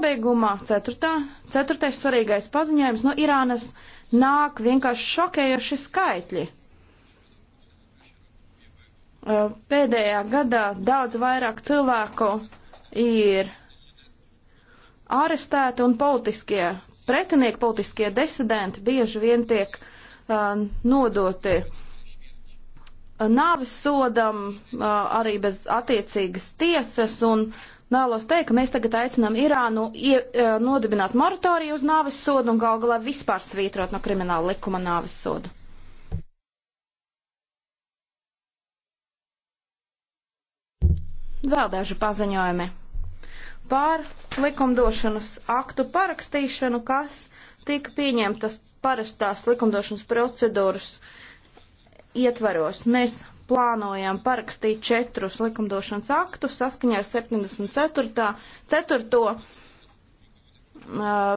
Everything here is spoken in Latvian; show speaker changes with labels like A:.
A: nobeigumā ceturtā, ceturtais svarīgais paziņojums no Irānas nāk vienkārši šokējoši skaitļi. Pēdējā gadā daudz vairāk cilvēku ir arestēti un politiskie pretinieki, politiskie desidenti bieži vien tiek uh, nodoti nāvis sodam, uh, arī bez attiecīgas tiesas, un Vēlos teikt, ka mēs tagad aicinām Irānu ie, e, nodibināt moratoriju uz nāves sodu un gal galā vispār svītrot no krimināla likuma nāves sodu. Vēl daži paziņojumi par likumdošanas aktu parakstīšanu, kas tika pieņemtas parastās likumdošanas procedūras uh, ietvaros mēs plānojam parakstīt četrus likumdošanas aktus saskaņā ar 74. 4.